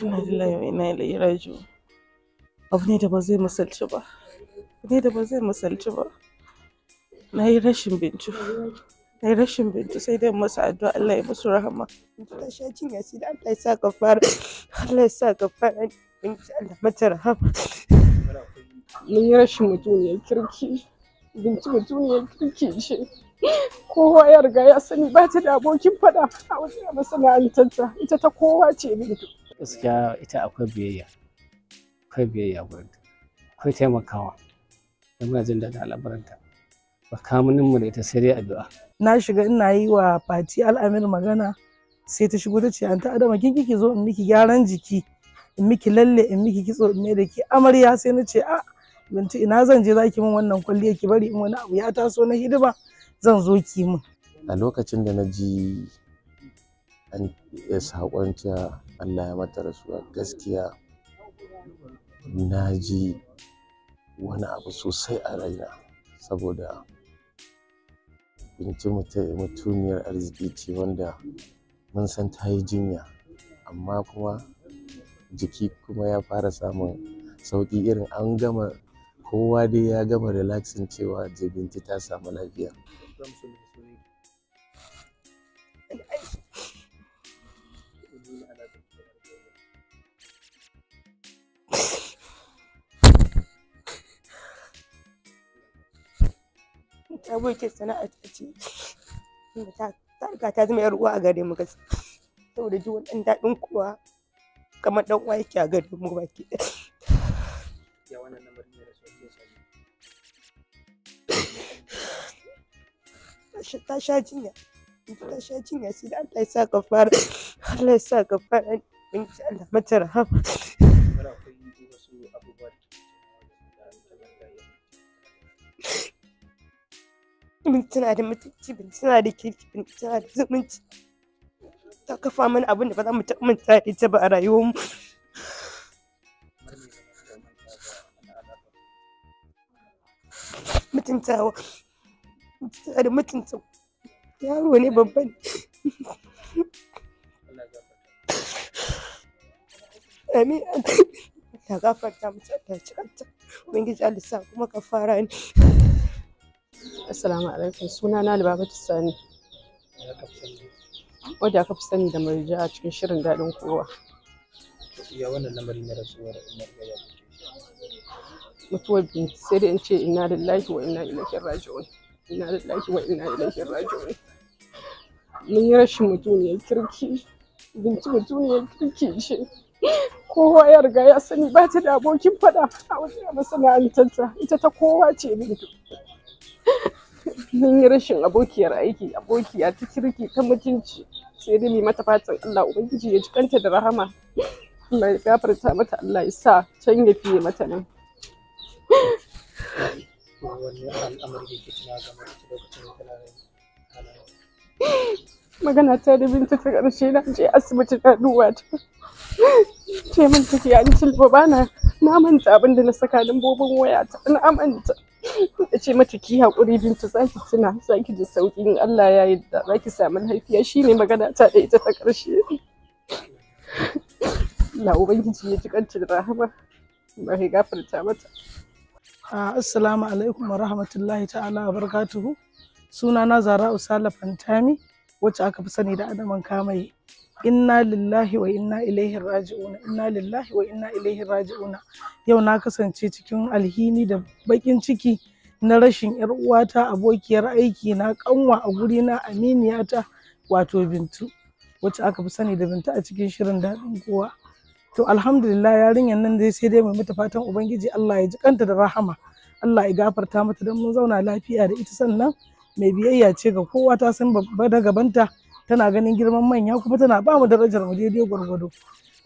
Ina Abu ne da ba zai misalci ba. Abu ne da ba zai misalci ba. Na yi rashin bincu. Na yi rashin bincu sai dai masu addu'a Allah ya musu rahama. da Allah ya sa ka fara. Allah ya sa ka fara. Bincu Allah mata rahama. Mun yi rashin mutuniyar kirki. Bincu mutuniyar kirki ce. kowa ya riga ya sani ba ta da abokin fada a wajen masana'antarta ita ta kowa ce bintu gaskiya ita akwai biyayya akwai biyayya ta, akwai taimakawa da muna jin daɗin al'amuranta ba kamunin mu da ita sai dai addu'a na shiga ina yi wa fati al'amir magana sai ta shigo ta ce an ta adama kin kike zo in miki gyaran jiki in miki lalle in miki kitso in mai da ki amarya sai na ce a bintu ina zan je zaki min wannan kwalliya ki bari in wani abu ya taso na hidima zan zo ki min a lokacin da na ji an saƙon cewa Allah ya mata rasuwa gaskiya na ji wani abu sosai a raina saboda binci mutumiyar arziki ce wanda mun san ta yi jinya amma kuma jiki kuma ya fara samun sauƙi irin an gama kowa dai ya gama relaxing cewa jibinti ta samu lafiya abokin sana'a ta ce ta riga ta zama yar uwa a gare mu gaskiya saboda ji wani daɗin kowa kamar ɗan uwa yake a gare mu baki ɗaya ta sha jinya ta sha jinya sai da Allah ya sa ka fara Allah ya sa gaba na in sha Allah mata rahama Mun tana da mutunci bin tana da kirki bin tana da zumunci ta kafa mana abin da ba za mu taɓa manta da ita ba a rayuwarmu mutuntawa mutuntawa da mutunta yaro ne babban amin ya gafarta mata da cikanta ubangiji Allah sa kuma ka fara ni assalamu alaikum suna na Lubabatu Sani wadda aka fi sani da marja a cikin shirin daɗin kowa ya wannan lamari na rasuwar Umar Gaya mutuwar bin sai dai in ce inna lillahi wa inna ilaihi raji'un inna lillahi wa inna ilaihi raji'un mun yi rashin mutuniyar kirki binci mutuniyar kirki ce kowa ya riga ya sani ba ta da abokin faɗa a wajen masana'antarta ita ta kowa ce bintu mun yi rashin abokiyar aiki abokiya ta kirki ta mutunci sai dai mai mata fatan Allah ubangiji ya ji kanta da rahama Allah ya gafarta mata Allah ya sa can ya fiye mata nan magana ta da binta ta ƙarshe na je asibiti na duwa ta ce min take an ci ba na manta abin da na saka lambobin waya ta na amanta da ce mata ki haƙuri binta za ki tuna za ki ji sauƙi in Allah ya yarda za ki samu lafiya shine magana ta da ita ta ƙarshe Allah ubangiji ya ji kancin rahama ba ya gafarta mata assalamu alaikum wa rahmatullahi ta'ala wa barakatuhu sunana zara usala fantami wacce aka fi sani da adaman kamai inna lillahi wa inna ilaihi raji'una inna lillahi wa inna ilaihi raji'una yau na kasance cikin alhini da bakin ciki na rashin yar uwata abokiyar aiki na kanwa a guri na aminiyata wato bintu wacce aka fi sani da bintu a cikin shirin daɗin kowa to alhamdulillah yarinyar nan dai sai dai mai mata fatan ubangiji Allah ya ji kanta da rahama Allah ya gafarta mata don mun zauna lafiya da ita sannan mai biyayya ce ga kowa ta san babba da gabanta tana ganin girman manya kuma tana ba mu darajar mu daidai gwargwado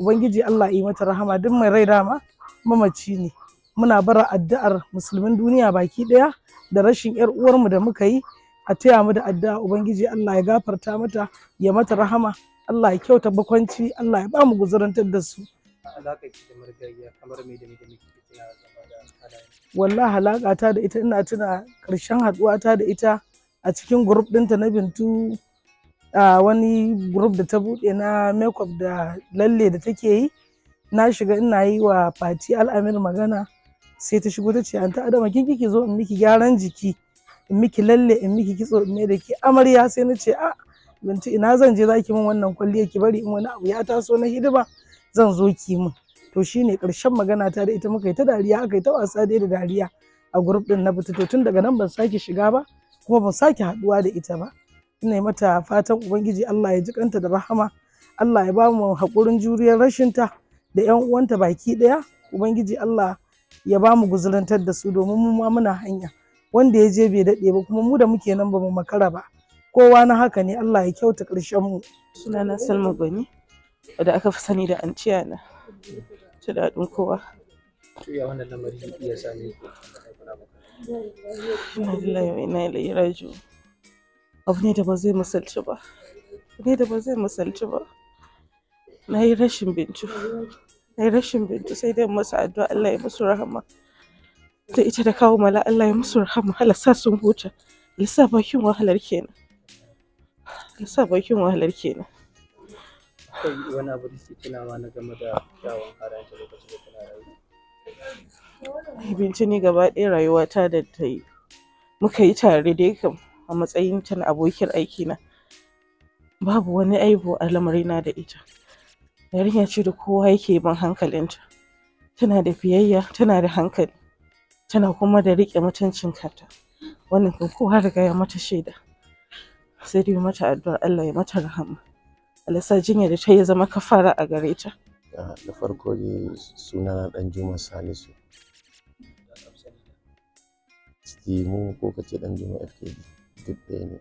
ubangiji Allah yi mata rahama duk mai rai dama mamaci ne muna bara addu'ar musulmin duniya baki daya da rashin yar uwarmu da muka yi a taya mu da addu'a ubangiji Allah ya gafarta mata ya mata rahama Allah ya kyauta bakwanci Allah ya ba mu guzurantar da su wallahi halaka ta da ita ina tuna karshen haduwa ta da ita a cikin group dinta na bintu a wani group da ta buɗe na makeup da lalle da take yi na shiga ina yi wa fati al'amir magana sai ta shigo ta ce an ta adama kin kike zo in miki gyaran jiki in miki lalle in miki kitso in mai da ke amarya sai na ce a bintu ina zan je zaki min wannan kwalliya ki bari in wani abu ya taso na hidima zan zo ki min to shine karshen magana ta da ita muka yi ta dariya aka yi ta wasa dai da dariya a group din na fito to tun daga nan ban sake shiga ba kuma ban sake haɗuwa da ita ba ina mata fatan ubangiji Allah ya ji kanta da rahama Allah ya ba mu haƙurin juriyar ta da 'yan uwanta baki ɗaya ubangiji Allah ya ba mu guzurantar da su domin mu ma muna hanya wanda ya je bai daɗe ba kuma mu da muke nan ba mu makara ba kowa na haka ne Allah ya kyauta ƙarshen mu sunana Salma Gwani da aka fi sani da anciya na ta daɗin kowa ya wannan lamari ya same Abu ne da ba zai misalci ba. da Na yi rashin bincu. sai dai masu addu'a Allah ya musu rahama. ita da kawo mala Allah ya musu rahama. Allah sa sun huta. Allah bakin wahalar kenan. Allah bakin wani abu da tunawa na game da kyawun lokacin da rayu abinci ne gaba ɗaya rayuwata da ta yi muka yi tare dai kam a matsayin ta na aiki na babu wani aibu a lamarina da ita yarinya ce da kowa yake ban hankalinta tana da biyayya tana da hankali tana kuma da riƙe mutuncin kanta wannan kan kowa riga ya mata shaida sai dai mata addu'ar Allah ya mata rahama alasa jinya da ta yi zama kafara a gare ta da ah, farko suna sunana dan Juma Salisu lemu ko ka ce dan juma ke duk ɗaya ne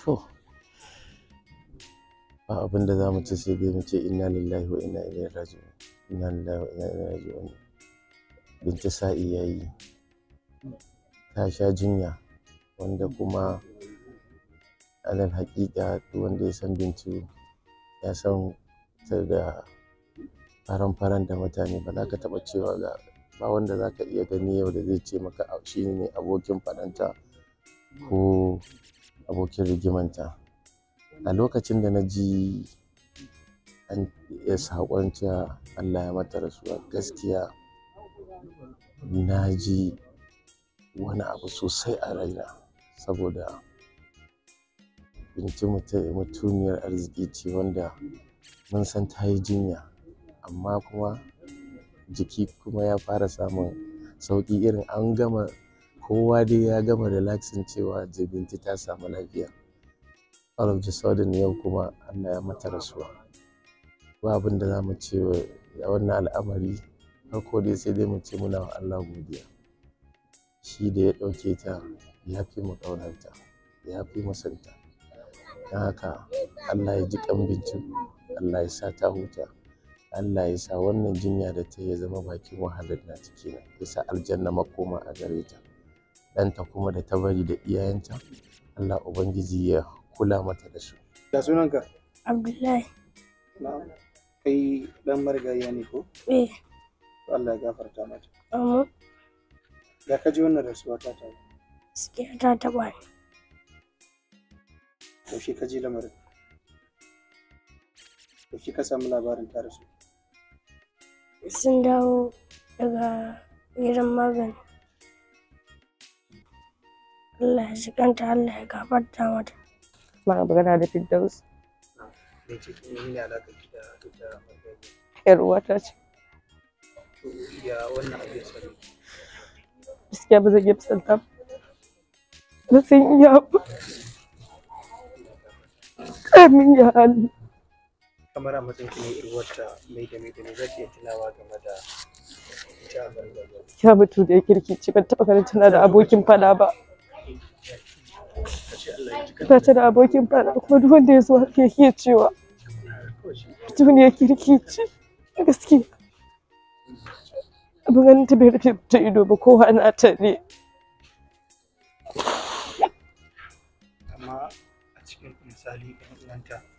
to ba abin da za mu ce sai dai mu ce inna lillahi wa inna ilaihi raji'un inna lillahi wa inna ilaihi raji'un binta sa'i yayi ta sha jinya wanda kuma alal haƙiƙa wanda ya san bintu ya san ta da faran-faran da mutane ba za ka taɓa cewa ga ba wanda za ka iya gani yau da zai ce maka shi ne abokin faɗanta ko abokin rigimanta a lokacin da na ji an iya saƙon cewa allah ya mata rasuwa gaskiya na ji wani abu sosai a raina saboda binci mutumiyar arziki ce wanda mun san ta yi jinya amma kuma jiki kuma ya fara samun sauƙi irin an gama kowa dai ya gama relaxing cewa jibinti ta samu lafiya all of the sudden yau kuma allah ya mata rasuwa ba abin da za mu ce wannan al'amari farko dai sai dai mu ce muna wa allah godiya shi da ya ɗauke ta ya fi mu ƙaunarta ya fi mu santa don haka allah ya ji ƙan bincin allah ya sa ta huta Allah ya sa wannan jinya da ta ya zama bakin wahalar na cikina ya sa aljanna makoma a gare ta ɗanta kuma da ta bari da iyayenta Allah ubangiji ya kula mata da su ya sunanka Abdullahi kai dan marigayya ne ko eh Allah ya gafarta mata amma ya kaji wannan rasuwa ta ta gaskiya ta taɓa ni yaushe ka ji lamarin yaushe ka samu labarin ta rasu sun dawo daga irin magani Allah ya shiganta Allah ya gafarta mata ma magana da Firdaus yar uwata ce gaskiya ba zan iya fusanta ba na san iya ba ƙaramin ya hannu kamar a matsayin ki ne irwarta mai da mai da mai zaki iya tunawa game da ya mutu da kirki ci ban taɓa ganin tana da abokin fada ba ta ce da abokin fada kuma duk wanda ya zo haka yake cewa duniya kirki ce gaske abin ganin ta bai rufe ta ido ba kowa na ta ne amma a cikin misali ɗan uwanta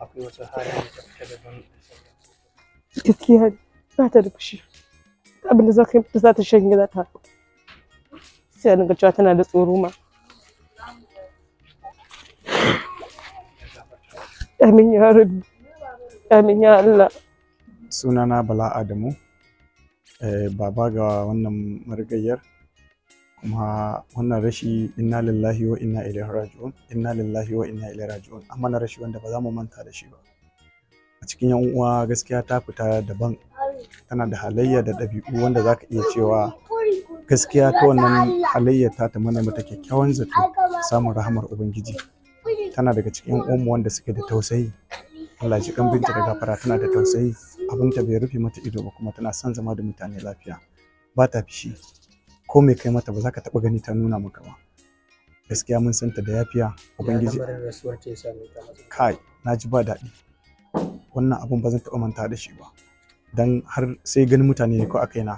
akwai wasu halayen da ta da ban gaskiya ba ta da fushi abin da za ka yi da za ta shanye za ta sai na ga cewa tana da tsoro ma amin ya rabbi amin ya Allah sunana bala adamu eh, baba ga wannan marigayyar kuma wannan rashi inna lillahi wa inna ilaihi raji'un inna lillahi wa inna ilaihi raji'un amma na rashi wanda ba za mu manta da shi ba a cikin yan uwa gaskiya ta fita daban tana da halayya da ɗabi'u wanda zaka iya cewa gaskiya ta wannan halayya ta ta mana mata kyakkyawan zato samun rahamar ubangiji tana daga cikin yan uwanmu wanda suke da tausayi Allah ji kan binta da gafara tana da tausayi abinta bai rufe mata ido ba kuma tana son zama da mutane lafiya ba ta fishi ko mai kai mata ba za ka taɓa gani ta nuna maka ba gaskiya mun santa da yafiya ubangiji kai na ji ba daɗi wannan abun ba zan taɓa manta da shi ba dan har sai ganin mutane ne ko a kaina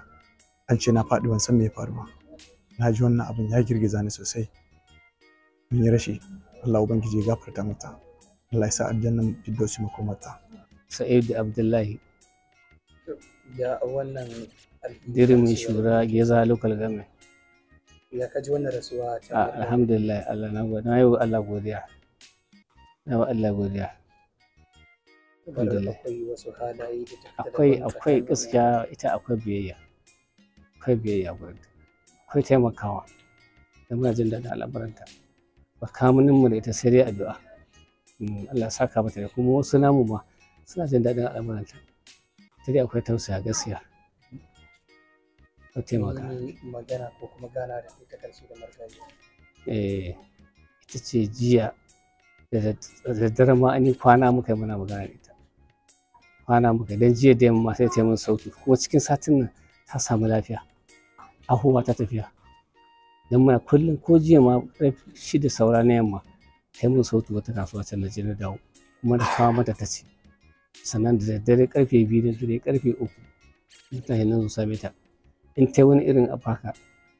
an ce na faɗi ban san me ya faru ba na ji wannan abun ya girgiza ni sosai mun yi rashi Allah ubangiji ya gafarta mata Allah ya sa aljannan fiddosi makomata sa'id abdullahi ya wannan Diri mai shura geza local government ya kaji wannan rasuwa ta ah, alhamdulillah Allah na gode na Allah godiya na wa Allah godiya alhamdulillah akwai akwai gaskiya ita akwai biyayya akwai biyayya gurin akwai taimakawa da muna jin daɗin al'amuranta ba kamunin mu da ita sai dai addu'a mm, Allah saka mata da kuma wasu namu ma suna jin daɗin al'amuranta ta dai akwai tausaya gaskiya ta taimaka magana ko kuma gana da ita karshe da margariya eh ita ce jiya da daddare ma an yi kwana muka yi muna magana da ita kwana muka dan jiya da yamma sai ta yi min sauki kuma cikin satin nan ta samu lafiya ahuwa ta tafiya don mana kullum ko jiya ma shida saura na yamma ta yi min sautu wata kasuwa can na je na dawo kuma da kawo mata ta ce sannan da daddare ƙarfe biyu da dare karfe uku mutane nan zo same ta in ta wani irin abaka?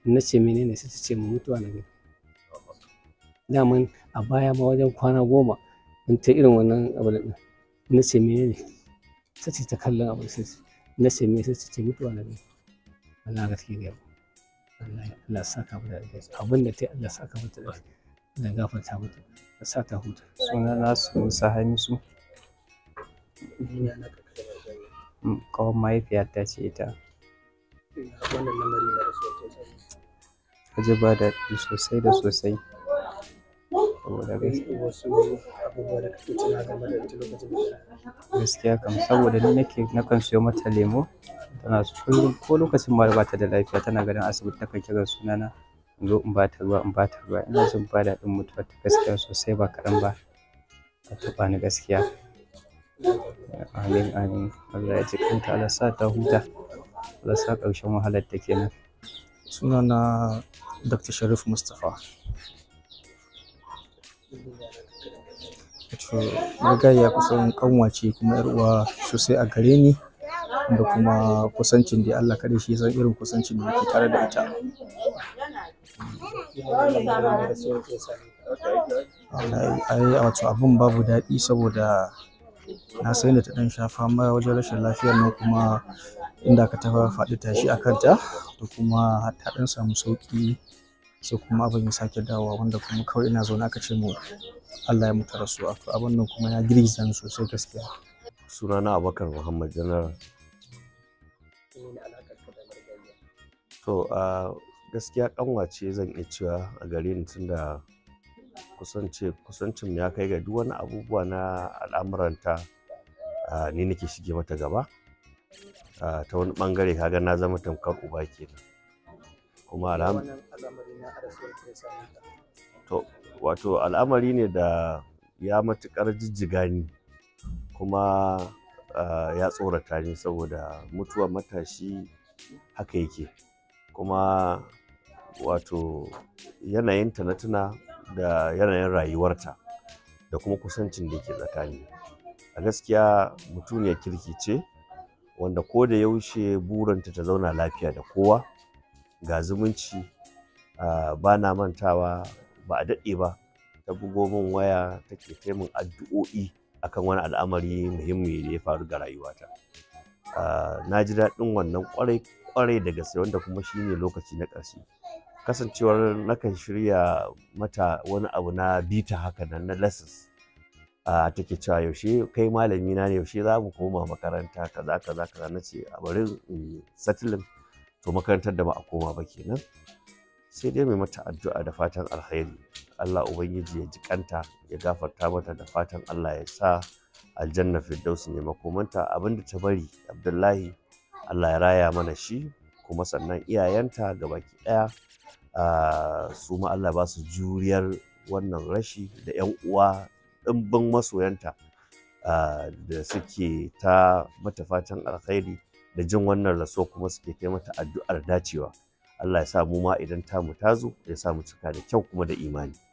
na ce ne sai ta ce mu mutuwa na gani daman a baya ma wajen kwana goma in ta irin wannan abu din na ce ne sai ce ta kallon abu sai na ce mene sai ta ce mutuwa na biyu. Allah gaske gaba Allah saka mata da abin da ta yi Allah saka mata da da gafarta mata da sa ta huta suna na su musa hamisu mm, kawan mahaifiyata ce ita wannan ba daɗi sosai da sosai gaskiya kam saboda ni nake nakan siyo mata lemo tana kullum ko lokacin ma ba ta da lafiya tana garin asibiti takan kiran sunana in zo in ba ta ruwa in ba ruwa ina jin ba daɗin mutuwa ta gaskiya sosai ba kaɗan ba a taɓa ni gaskiya amin amin Allah ya ji kanta Allah sa ta huta Allah sa ƙarshen wahalar ta kenan sunana Dr. Sharif Mustapha wato ya kusan kanwace kuma yar uwa sosai a gare ni da kuma kusancin da Allah kada shi san irin kusancin da muke tare da ita ai wato abin babu daɗi saboda na sai da ta ɗan sha fama wajen rashin lafiyar nan kuma inda aka tafa faɗi tashi a kanta da kuma ta ɗan samu sauki sai kuma abin ya sake dawowa wanda kuma kawai ina zaune aka ce mu Allah ya mutu rasuwa to abin nan kuma ya girgiza ni sosai gaskiya sunana Abakar Muhammad Janar to a gaskiya kanwace zan iya cewa a gare ni tunda kusance kusancin ya kai ga duk wani abubuwa na al'amuranta ni nake shige mata gaba ta wani bangare kaga na zama tamkar uba kenan kuma to wato al'amari ne da ya matukar jijjiga kuma ya tsorata ni saboda mutuwa matashi haka yake kuma wato yanayin na tuna da yanayin rayuwarta da kuma kusancin da ke tsakani a gaskiya mutuniyar kirki ce wanda ko da yaushe buranta ta zauna lafiya da kowa ga zumunci ba na mantawa ba a daɗe ba ta bugo min waya take taimun addu'o'i akan wani al'amari muhimmi da ya faru ga rayuwata na ji daɗin wannan kwarai kwarai da gaske wanda kuma shi ne lokaci na ƙarshe kasancewar nakan shirya mata wani abu na bita haka nan na lessons a take cewa yaushe kai malami na ne yaushe za mu koma makaranta kaza kaza kaza na ce a bari in to makarantar da ba a koma ba kenan sai dai mai mata addu'a da fatan alkhairi Allah ubangiji ya jikanta ya gafarta mata da fatan Allah ya sa aljanna firdaus ne makomanta abinda ta bari Abdullahi Allah ya raya mana shi kuma sannan iyayenta ga baki daya su ma Allah ba su juriyar wannan rashi da 'yan uwa ɗimbin masoyanta da suke ta mata fatan alkhairi da jin wannan raso kuma suke kai mata addu'ar dacewa Allah ya sa mu ma idan tamu ta zo ya sa mu cika da kyau kuma da imani